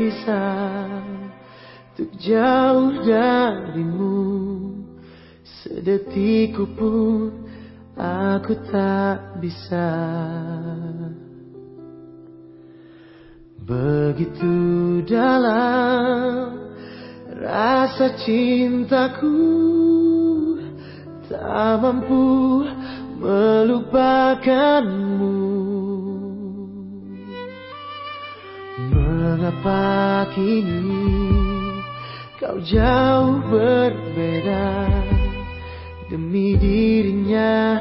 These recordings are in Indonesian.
bisa Untuk jauh darimu Sedetikku pun aku tak bisa Begitu dalam rasa cintaku tak mampu melupakanmu. Mengapa kini kau jauh berbeda Demi dirinya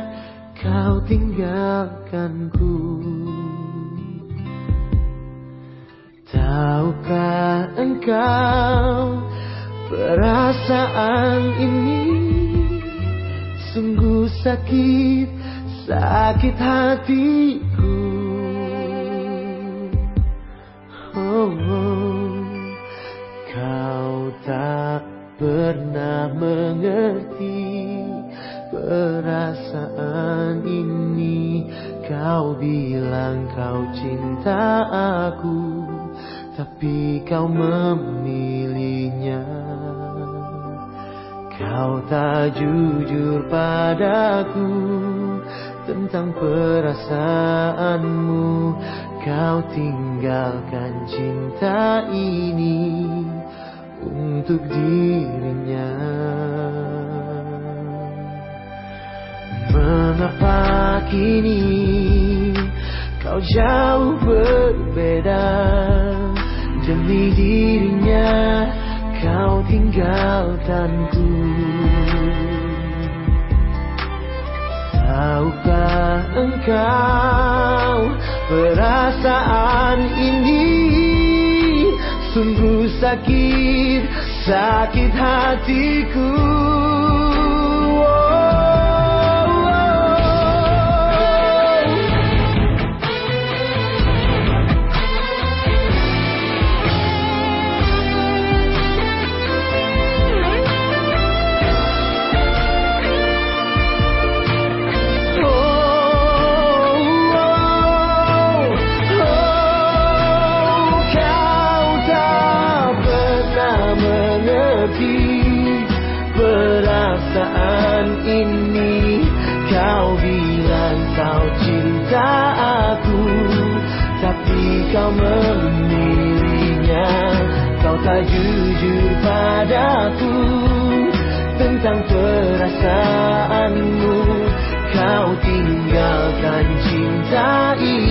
kau tinggalkanku Tahukah engkau perasaan ini Sungguh sakit, sakit hati Kau tak pernah mengerti perasaan ini Kau bilang kau cinta aku Tapi kau memilihnya Kau tak jujur padaku tentang perasaanmu kau tinggalkan cinta ini untuk dirinya Mengapa kini kau jauh berbeda Demi dirinya kau tinggalkanku Tahukah engkau Perasaan ini sungguh sakit, sakit hatiku. hati Perasaan ini Kau bilang kau cinta aku Tapi kau memilihnya Kau tak jujur padaku Tentang perasaanmu Kau tinggalkan cinta ini